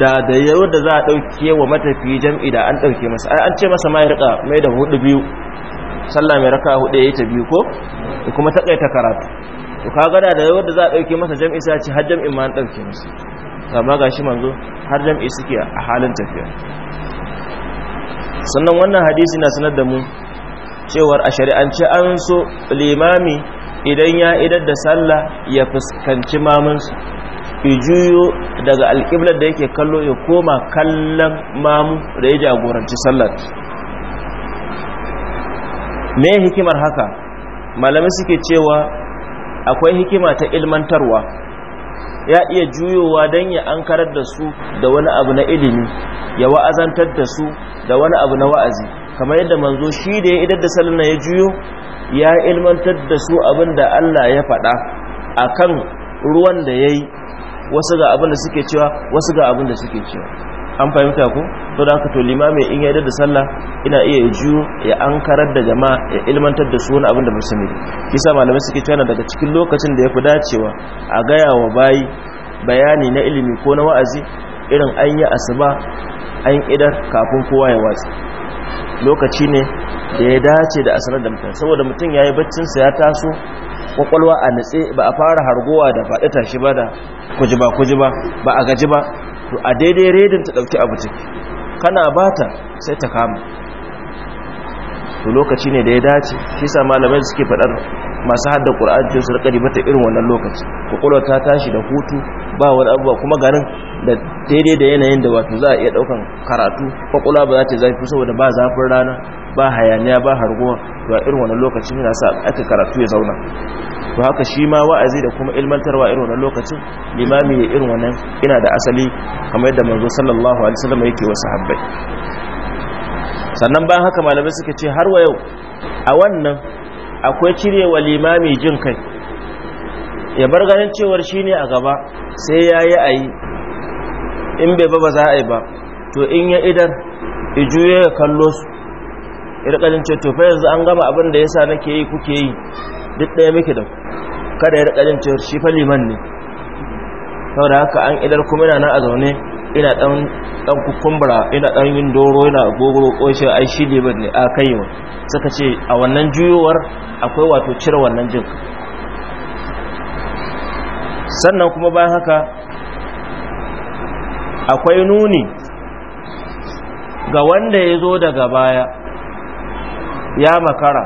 [SPEAKER 1] da da yau da za a dauke wa matafi jam'i da an dauke masa ai an ce masa mai rika mai da hudu biyu sallah mai raka hudu yayi ta biyu ko kuma ta ta karatu to kaga da da yau da za a dauke masa jam'i sai ce har jam'in ma an dauke masa amma gashi manzo har jam'i suke a halin tafiya sannan wannan hadisi na sanar da mu cewar a shari'ance an so limami idan ya idar da sallah ya fuskanci mamunsa ya juyo daga alƙiblar da yake kallo ya koma kallon mamu da ya jagoranci sallar me hikimar haka malamai suke cewa akwai hikima ta ilmantarwa ya iya juyowa don ya ankarar da su da wani abu na ilimi ya wa'azantar da su da wani abu na wa'azi kamar yadda manzo shi da ya idar da salina ya juyo ya ilmantar da su abin da Allah ya faɗa a kan ruwan da ya yi wasu ga abin da suke cewa wasu ga abin da suke cewa an fahimta ku? to da aka to limami in ya da sallah ina iya jiyo ya ankarar da jama'a ya ilmantar da su wani abin da ba kisa malamai suke tana daga cikin lokacin da ya fi dacewa a gaya wa bayi bayani na ilimi ko na wa'azi irin an yi asuba an idar kafin kowa ya watsi lokaci ne da ya dace da asarar da mutum saboda mutum ya yi baccinsa ya taso kwakwalwa a nutse ba a fara hargowa da faɗi tashi ba da kujiba kujiba ba a gaji ba to a daidai redin ta ɗauki abu ciki kana bata sai ta kama to lokaci ne da ya dace shi sa malamai suke fadar masu hadda ƙura'an sun su rikari mata irin wannan lokaci kwakwalwa ta tashi da hutu ba wani abubuwa kuma garin da daidai da yanayin da wato za a iya ɗaukan karatu ƙwaƙwala ba za ta zafi saboda ba zafin rana ba hayaniya ba harguwa to irin wannan lokacin yana sa aka karatu ya zauna to haka shi ma wa'azi da kuma ilmantarwa irin wannan lokacin limami ya irin wannan ina da asali kamar yadda manzo sallallahu alaihi wasallam yake wa sahabbai sannan bayan haka malamai suka ce har wa yau a wannan akwai cirewa limami jin kai ya bar ganin cewar shine a gaba sai yayi ayi in bai ba ba za a yi ba to in ya idar ijuye ya kallo su irkajin ce to yanzu an gama abin da yasa nake yi kuke yi duk ɗaya muke da kada ya irkajin ce shi fa liman ne da haka an idar kuma ina nan a zaune ina dan kukumbura ina dan yin doro ina gogoro ko shi ai shi liman ne a kai wa suka ce a wannan juyowar akwai wato cire wannan jin sannan kuma bayan haka akwai nuni ga wanda ya zo daga baya ya makara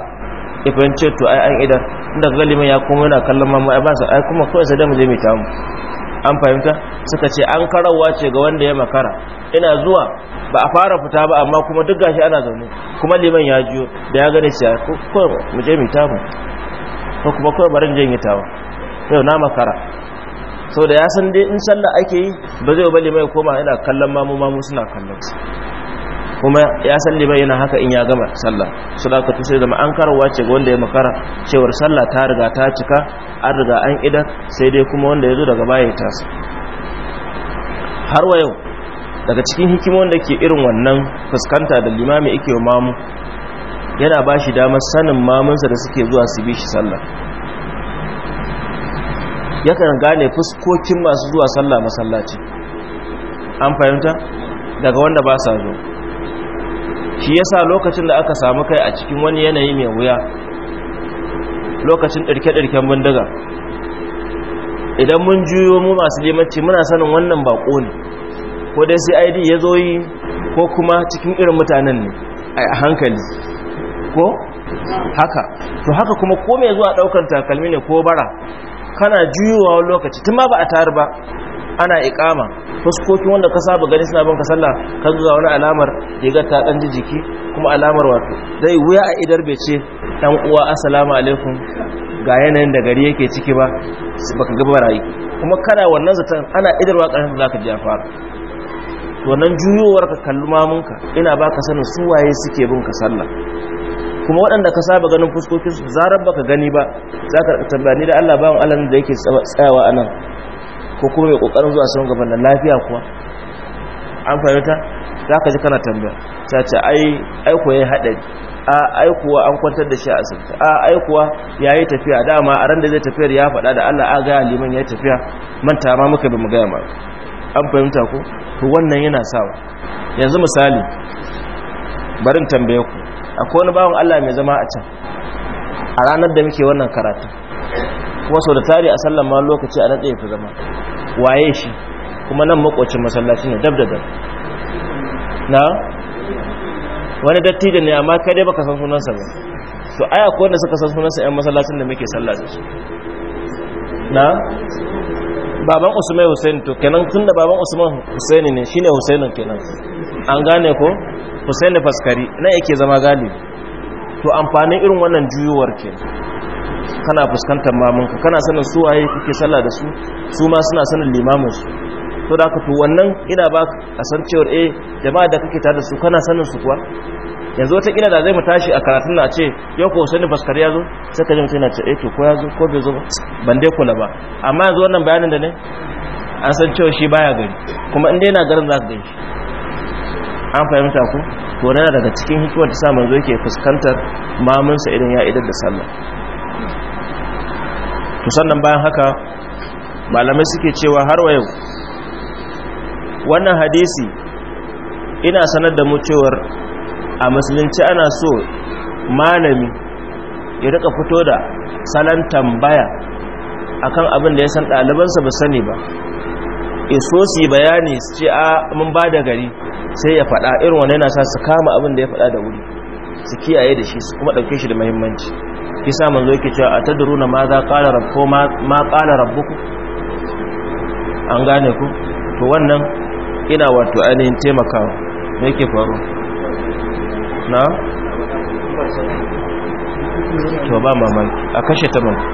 [SPEAKER 1] ifin ce to ai an idan inda ga liman ya kuma yana kallon mamu ai ba ai kuma kawai sai da mu je mu tamu an fahimta suka ce an karawa ce ga wanda ya makara ina zuwa ba a fara fita ba amma kuma duk gashi ana zaune kuma liman ya jiyo da ya gane shi ko kawai mu je mu tamu ko kuma kawai barin je mu tamu yau na makara sau da ya san dai in sallah ake yi ba zai bali mai koma yana kallon mamu mamu suna kallon su kuma ya san liman yana haka in ya gama sallah sadaqatu sai zama an karawa ce wanda ya makara cewar sallah ta riga ta cika an riga an ida sai dai kuma wanda ya zo daga baya ya tasa har wa yau daga cikin hikima wanda ke irin wannan fuskanta da limami yake wa mamu yana ba shi damar sanin mamunsa da suke zuwa su bi shi sallah yakan gane fuskokin masu zuwa sallah masallaci an fahimta daga wanda ba sa zuwa shi yasa lokacin da aka samu kai a cikin wani yanayi mai wuya lokacin ɗirke-ɗirken bindiga idan mun juyo mu masu limanci muna sanin wannan baƙo ne ko dai sai id ya zo yi ko kuma cikin irin mutanen ne a hankali ko haka to haka kuma ko mai zuwa ɗaukar takalmi ne ko bara kana juyowa lokaci tun ba ba a taru ba ana ikama fuskokin wanda ka saba gani suna banka sallah ka zuwa wani alamar rigar ta dan jiki kuma alamar wato zai wuya a idar bece ce dan uwa assalamu alaikum ga yanayin da gari yake ciki ba baka ga barayi kuma kana wannan zaton ana idarwa karin za zaka ji a fara wannan juyowar ka kalli mamunka ina baka sanin su waye suke bin ka sallah kuma waɗanda ka saba ganin fuskokinsu zarar baka gani ba za ka ni da Allah bawan Allah da yake tsayawa a nan ko kuma mai kokarin zuwa sauran gaban nan lafiya kuwa an fahimta za ka ji kana tambaya ta ce ai aiko ya haɗari a aikuwa an kwantar da shi a asibiti a aikuwa ya yi tafiya dama a ran da zai tafiyar ya faɗa da allah a gaya liman ya yi tafiya manta ma muka bi mu gaya ma an fahimta ko to wannan yana sawa yanzu misali barin tambaye ku akwai wani bawon allah mai zama a can a ranar da muke wannan karatu kuma sau da tari a sallan ma lokaci a natsaye fi zama waye shi kuma nan makwacin masallaci ne dab da dab na wani dattijo ne amma kai dai baka san sunansa ba to aya ko wanda suka san sunansa yan masallacin da muke sallah da su na baban usman husaini to kenan tunda baban usman husaini ne shine husainin kenan an gane ko husaini faskari nan yake zama galibi to amfanin irin wannan juyuwar kenan kana fuskantar mamanka kana sanin su waye kake sallah da su su ma suna sanin limamin su to da ka to wannan ina ba a san cewa eh jama'a da kake tare da su kana sanin su kuwa yanzu wata kila da zai mu tashi a karatun na ce yau ko sanin faskar ya sai ka ji mutum yana ce eh to ko ya ko bai zo ban dai kula ba amma yanzu wannan bayanin da ne an san cewa shi baya gari kuma in dai yana garin za ka gani an fahimta ku to yana daga cikin hikimar da sa manzo yake fuskantar mamunsa idan ya idar da sallah Tusannan bayan haka malamai suke cewa har wa yau wannan hadisi ina sanar da mu cewar a musulunci ana so malami ya rika fito da salon tambaya akan abin da ya san ɗalibansa ba sani ba so su yi bayani su ce a mun ba da gari sai ya faɗa irin wani yana sa su kama abin da ya faɗa da wuri su kiyaye da shi su kuma ɗauke shi da muhimmanci kisa manzo yake cewa atadruna ma za qala rabbukum ma qala rabbukum an gane ku to wannan ina wato ainihin taimakawa me yake faru na to ba mamaki a kashe ta mamaki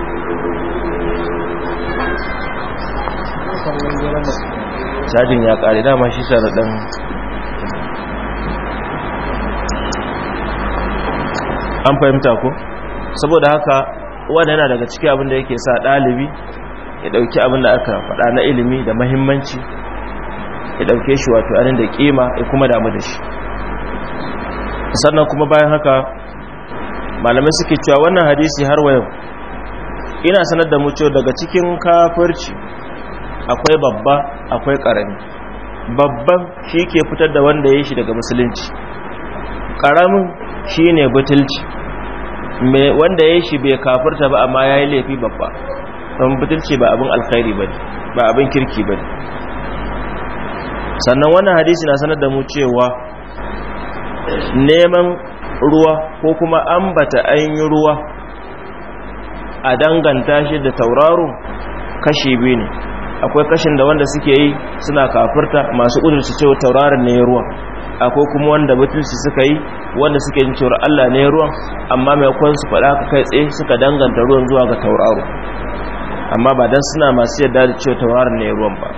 [SPEAKER 1] cajin ya kare dama shi sa da dan an fahimta ko? saboda haka wanda yana daga ciki abinda yake sa ɗalibi ya ɗauki abin aka faɗa na ilimi da mahimmanci ya ɗauke shi wato anin da kima, ya kuma damu da shi sannan kuma bayan haka malamai suke cewa wannan hadisi har wayo ina sanar da mu daga cikin kafirci akwai babba akwai karami babban shi ke fitar da wanda ya shi daga musulunci karamin shi ne butulci Mai wanda ya shi bai kafurta ba amma ya yi laifi babba don butulci ba abin alkhairi ba ba abin kirki ba sannan wannan hadisi na sanar da mu cewa neman ruwa ko kuma ambata an yi ruwa a danganta shi da tauraro kashi biyu ne akwai kashin da wanda suke yi suna kafurta masu ƙudurci cewa tauraron ne ruwa ko kuma wanda mutunci suka yi wanda suke yin cewar Allah ne ruwan amma maimakon su faɗa haka kai tsaye suka danganta ruwan zuwa ga tauraro amma ba don suna masu yadda da cewa tauraron ne ruwan ba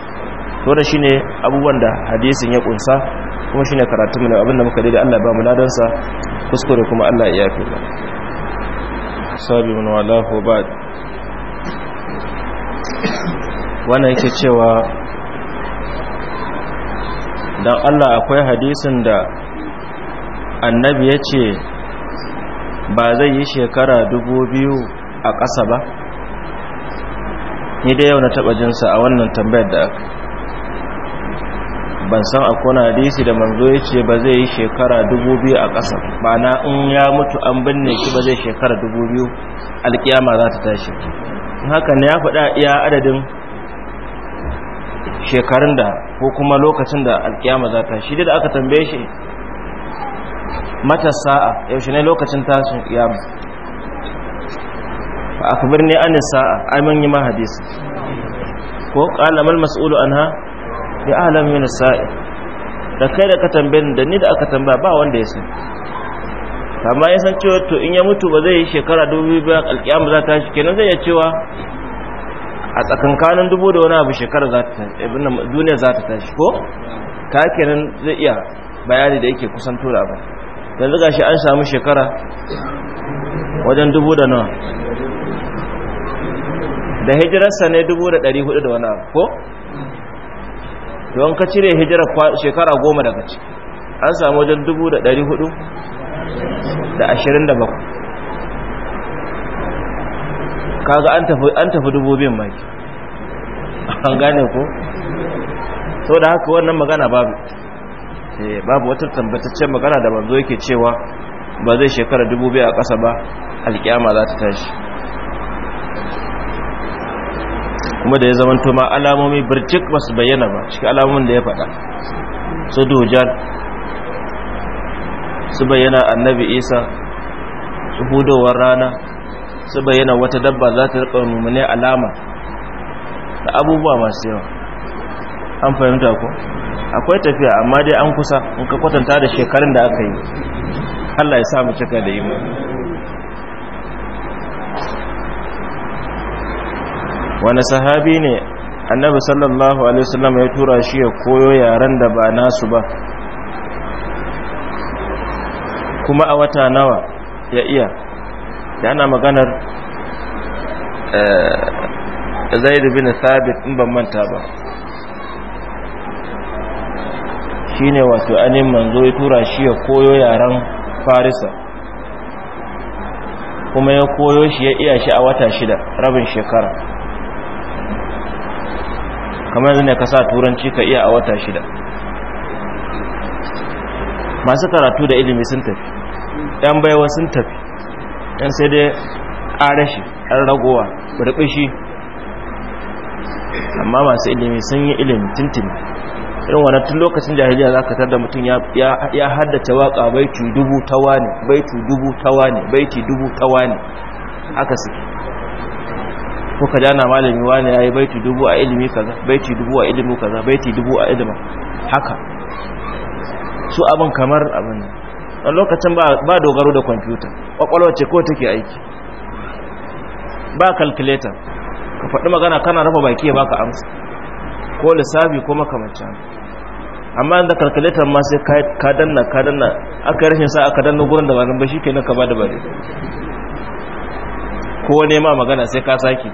[SPEAKER 1] to da shine abubuwan da hadisin ya kunsa kuma shi ne karatu mai abin da muka da Allah ba mu ladansa sa kuskure kuma Allah ya yafe ba sabi mun wala wannan yake cewa don Allah akwai hadisin da annabi ya ce ba zai yi shekara dubu biyu a ƙasa ba ni da yau na taɓa jinsa a wannan tambayar da aka ban san akwai hadisi da manzo ya ce ba zai yi shekara dubu biyu a ƙasa ba na in ya mutu an binne shi ba zai shekara dubu biyu alƙiyama za ta tashi hakan ya faɗa iya adadin shekarun da ko kuma lokacin da alkiyama za ta shi da aka tambaye shi mata sa'a yaushe ne lokacin tashin kiyama fa akbirni an sa'a ai mun yi ma hadisi ko qala mal mas'ulu anha bi a'lam min sa'i da kai da ka tambaye da ni da aka tambaya ba wanda ya san amma ya san cewa to in ya mutu ba zai yi shekara dubu biyu ba alkiyama za ta shi kenan zai ya cewa a tsakankanin dubu da wani abu shekarar duniya za ta tashi ko ka kakinan zai iya bayani da yake kusan tura ba? Da zuga shi an samu shekara wajen dubu da nawa da hijirarsa ne dubu da dari hudu da wani abu ko don ka cire hijirar shekara goma daga ciki an samu wajen dubu da dari hudu da ashirin da bakwai kaga an tafi an tafi maki an gane ko sau da haka wannan magana babu eh, babu wata tambataccen magana da manzo yake cewa ba zai shekara dubu biyu a ƙasa ba alƙiyama za ta tashi kuma da ya zama ma alamomi birtik ba su bayyana ba shi alamomin da ya faɗa su dujal su bayyana annabi isa su hudowar rana su bayyana wata dabba za ta riƙa numune alama da abubuwa masu yawa an fahimta ku. akwai tafiya amma dai an kusa in ka kwatanta da shekarun da aka yi allah ya samu cika da yi wani sahabi ne annabi sallallahu alaihi wasallam ya tura shi ya koyo yaren da ba nasu ba kuma a wata nawa ya iya da ana maganar eh, zaidu bin sabit in ban manta ba shine wato anin manzo ya tura shi ya koyo yaren farisa kuma ya koyo shi ya iya shi a wata shida rabin shekara kamar yanzu ne ka sa turanci ka iya a wata shida masu karatu da ilimi sun tafi ɗan baiwa sun tafi dan sai dai ƙarashi ɗan ragowa burbushi amma masu ilimi sun yi ilimin tintini irin wani tun lokacin jahiliya za ka tarda mutum ya haddace waka baiti dubu tawa ne baiti dubu tawa ne baiti dubu tawa ne haka suke ko ka jana malami wani ya yi baiti dubu a ilimi kaza baiti dubu a ilimi kaza baiti dubu a ilimin haka su abin kamar abin a lokacin ba dogaro da kwamfuta kwakwalwa ce ko take aiki ba calculator ka faɗi magana kana rafa baki ya baka amsa ko lissafi ko makamacin amma inda calculator ma sai ka danna ka danna aka yi rashin sa aka danna gurin da ba nan ba shi kenan ka ba da bari ko nema magana sai ka saki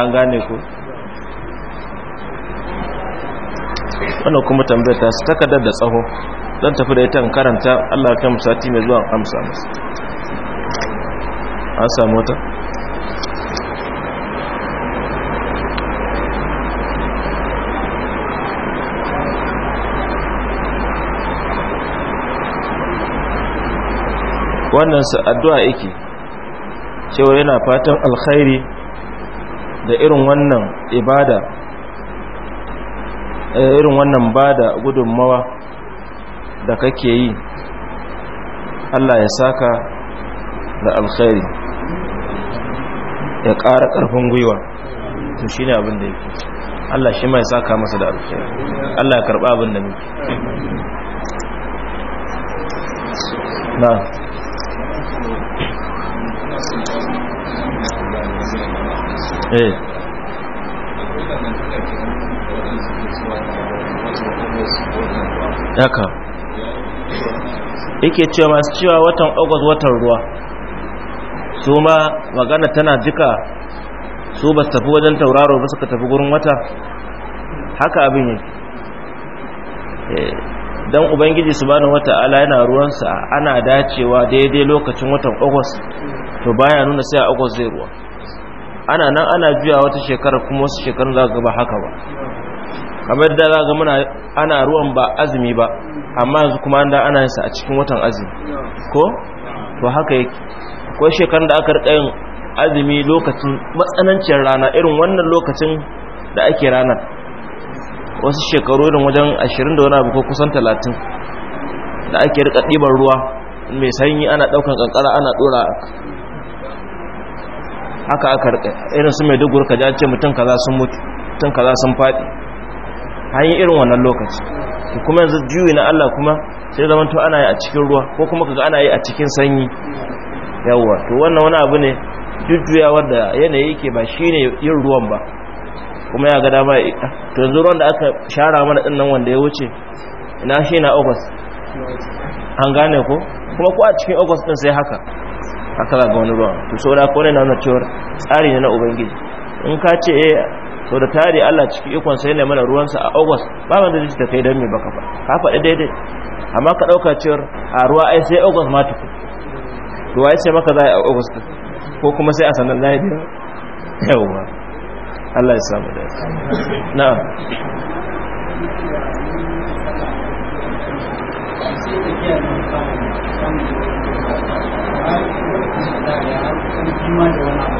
[SPEAKER 1] an gane ko wannan kuma tambayar ta su takardar da tsaho zan tafi da ita in karanta Allah kan sati mai zuwa amsa masu an samu wata wannan addu'a yake cewa yana fatan alkhairi da irin wannan ibada eh, irin wannan bada gudunmawa da kake yi Allah ya saka da alkhairi ya ƙara ƙarfin gwiwa to shi ne abin da yake Allah shi ma ya saka masa da alkhairi Allah ya karɓa abin da muke na eh yake cewa masu cewa watan agwas watan ruwa su ma magana tana jika su ba su tafi wajen tauraro ba suka tafi gurin wata haka abin yake eh, don ubangiji su bani wata ala yana ruwansa ana dacewa daidai lokacin watan agwas to baya nuna sai agwas zai ruwa ana nan ana juya wata shekara kuma wasu shekaru za ba haka ba kamar da za muna ana ruwan ba azumi ba amma yanzu kuma an da ana yinsa a cikin watan azumi ko to haka yake ko shekarun da aka rika azumi lokacin matsanancin rana irin wannan lokacin da ake ranar wasu shekaru irin wajen ashirin da wani abu ko kusan talatin da ake rika ɗiban ruwa mai sanyi ana ɗaukan ƙanƙara ana ɗora haka aka rika irin su mai dugur ka ce mutum kaza sun mutu mutum kaza sun faɗi an yi irin wannan lokaci kuma yanzu juyi na Allah kuma sai zama to ana yi a cikin ruwa ko kuma kaga ana yi a cikin sanyi yawwa to wannan wani abu ne jujjuyawar da yanayi yake ba shine yin ruwan ba kuma ya ga dama to yanzu ruwan da aka shara mana din nan wanda ya wuce ina shi na august an gane ko kuma ko a cikin august din sai haka haka ga wani ruwan to saboda ko ne na cewa tsari ne na ubangiji in ka ce eh so da tare Allah ciki ikon sai ne mana ruwansa a August ba wanda zai ta kai don me baka ba ka faɗi daidai amma ka dauka cewar a ruwa ai sai August ma tafi to ai sai maka zai a August ko kuma sai a sanar na yi yawa Allah ya samu da na'am
[SPEAKER 2] Thank you.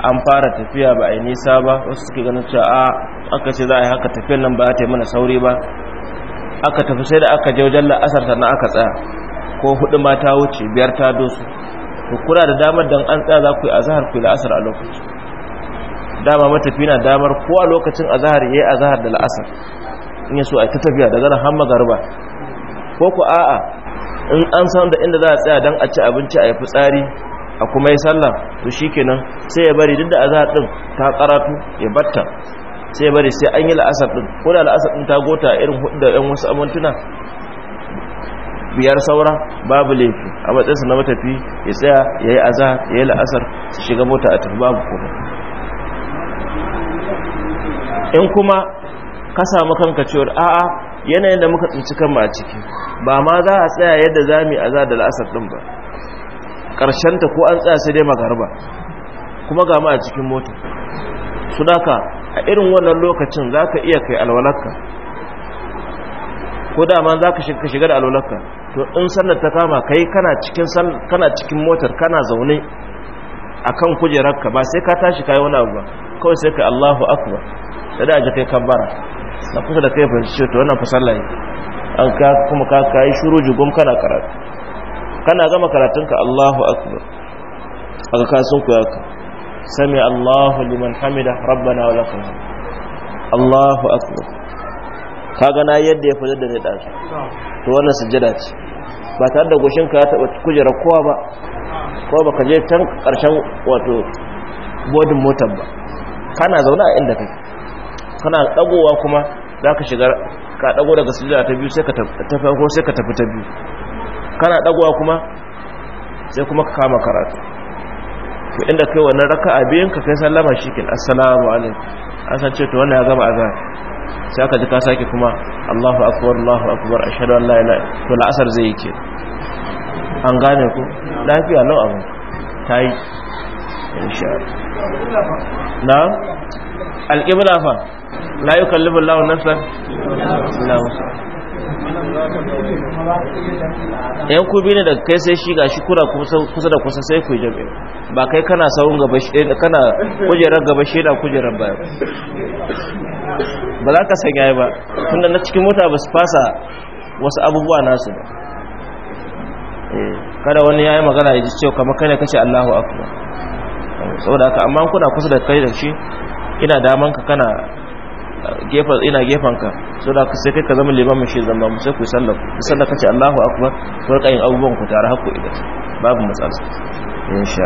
[SPEAKER 1] an fara tafiya ba a yi nisa ba wasu suke ganin cewa a aka ce za a yi haka tafiyar nan ba ta yi mana sauri ba aka tafi sai da aka je wajen la'asar sannan aka tsaya ko hudu ma ta wuce biyar ta dosu to kura da damar dan an tsaya za ku yi azahar ku yi la'asar a lokaci dama matafi na damar ko a lokacin azahar yayi azahar da la'asar in yaso a ta tafiya daga nan har magariba ko ku a'a in an san da inda za a tsaya dan a ci abinci a yi fitsari a kuma yi sallah to shikenan sai ya bari duk da azhar din ta karatu ya batta sai ya bari sai an yi la'asar din ko da la'asar din ta gota irin hudu da yan wasu amintuna biyar saura babu laifi a matsayinsa na matafi ya tsaya ya yi azhar ya yi la'asar su shiga mota a tafi babu kuma in kuma ka samu kanka cewar a'a yanayin da muka tsinci kanmu a ciki ba ma za a tsaya yadda za mu yi azhar da la'asar din ba ta ko an tsaya sai dai magarba kuma ga a cikin mota su daka a irin wannan lokacin za ka iya kai alwalakka ko dama za ka shiga da alwalakka to in sannar ta kama kai kana cikin motar kana zaune a kan kujerarka ba sai ka tashi kayi wani abu ba kawai sai ka allahu akbar da da aji kai bara na kusa da kai fahimci ce to wannan fasalla ne an kuma ka yi shuru jugum kana karatu kana gama karatunka Allahu akbar aka kaso ku yaka sami Allahu liman hamida rabbana wa lakal Allahu akbar kaga na yadda ya fada da ne da to wannan sujjada ce ba tare da goshin ka ta kujera kowa ba ko baka je tan karshen wato bodin motar ba kana zaune a inda kake kana dagowa kuma zaka shiga ka dago daga sujjada ta biyu sai ka tafi ko sai ka tafi ta biyu kana dagowa kuma sai kuma ka kama karatu to inda kai wannan raka'a biyan ka kai sallama shikin assalamu alaikum an san ce to wannan ya gama azan sai aka ji ka sake kuma Allahu akbar Allahu akbar ashhadu an la ilaha to la'asar zai yi ke an gane ku lafiya lau abu tai insha Allah na al-qibla fa la yukallifu Allahu nafsan illa wus'aha yan ku bi ne daga kai sai shi ga shi kura kusa da kusa sai ku jabe ba kai kana saurin gaba shi eh, kana kujerar gaba shi da kujerar baya ba za ka sanya ba tunda na cikin mota ba su fasa wasu abubuwa nasu ba eh, kada wani ya yi magana ya ji cewa kamar kai ne kace Allahu akbar saboda haka amma kuna kusa da kai da shi ina daman ka kana gefen ina gefen ka so da sai kai ka zama limamin shi zama mu sai ku sallah ku sallah kace Allahu akbar ku rika yin abubuwan ku tare hakku idan babu matsala insha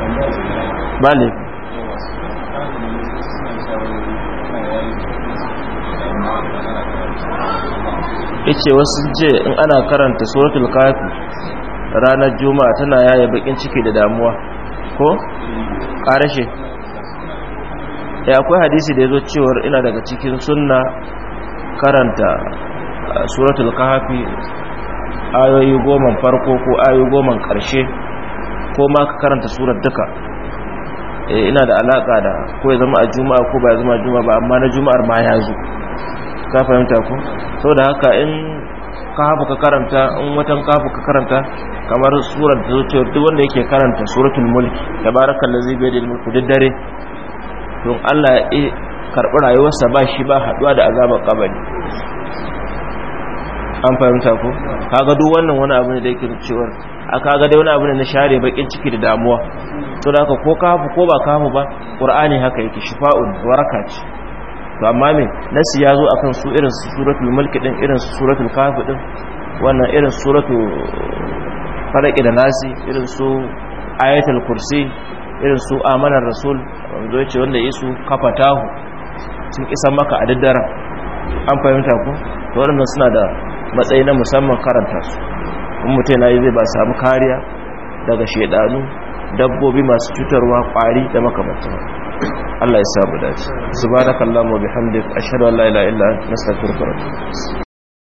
[SPEAKER 2] Allah bale
[SPEAKER 1] yace wasu je in ana karanta suratul kafi ranar juma'a tana yaye bakin ciki da damuwa ko ƙarashe ya eh, akwai hadisi da ya zo cewar ina daga cikin sunna karanta eh, suratul kahafi ayoyi goma farko ko ayoyi goma karshe ko ma ka karanta surat duka eh, ina da alaka da ko ya zama a juma'a ko ba ya zama a juma'a ba amma na juma'ar ma ya zo ka fahimta ko da haka in kahafu ka karanta in watan kahafu ka karanta kamar surat da zuciyar duk wanda yake karanta suratul mulki da zai bi da mulku duk dare don Allah ya karɓi rayuwarsa ba shi ba haɗuwa da azabar ƙabari an fahimta ko ga duk wannan wani abu ne da yake cewar a ka dai wani abu ne na share bakin ciki da damuwa to da ko kafu ko ba kafu ba qur'ani haka yake shifa'un waraka ce to amma me nasi ya zo akan su irin su suratul mulki din irin su suratul kaf din wannan irin suratu faraki da nasi irin su ayatul kursi irin su amanar rasul wanda yace wanda yesu kafatahu sun isa maka a daddara an fahimta ku to waɗannan suna da matsayi na musamman karanta su kuma mutum na yi zai ba samu kariya daga shaidanu dabbobi masu cutarwa kwari da makamantan Allah ya samu dace subhanakallahumma wa bihamdika ashhadu an la ilaha illa anta astaghfiruka wa atubu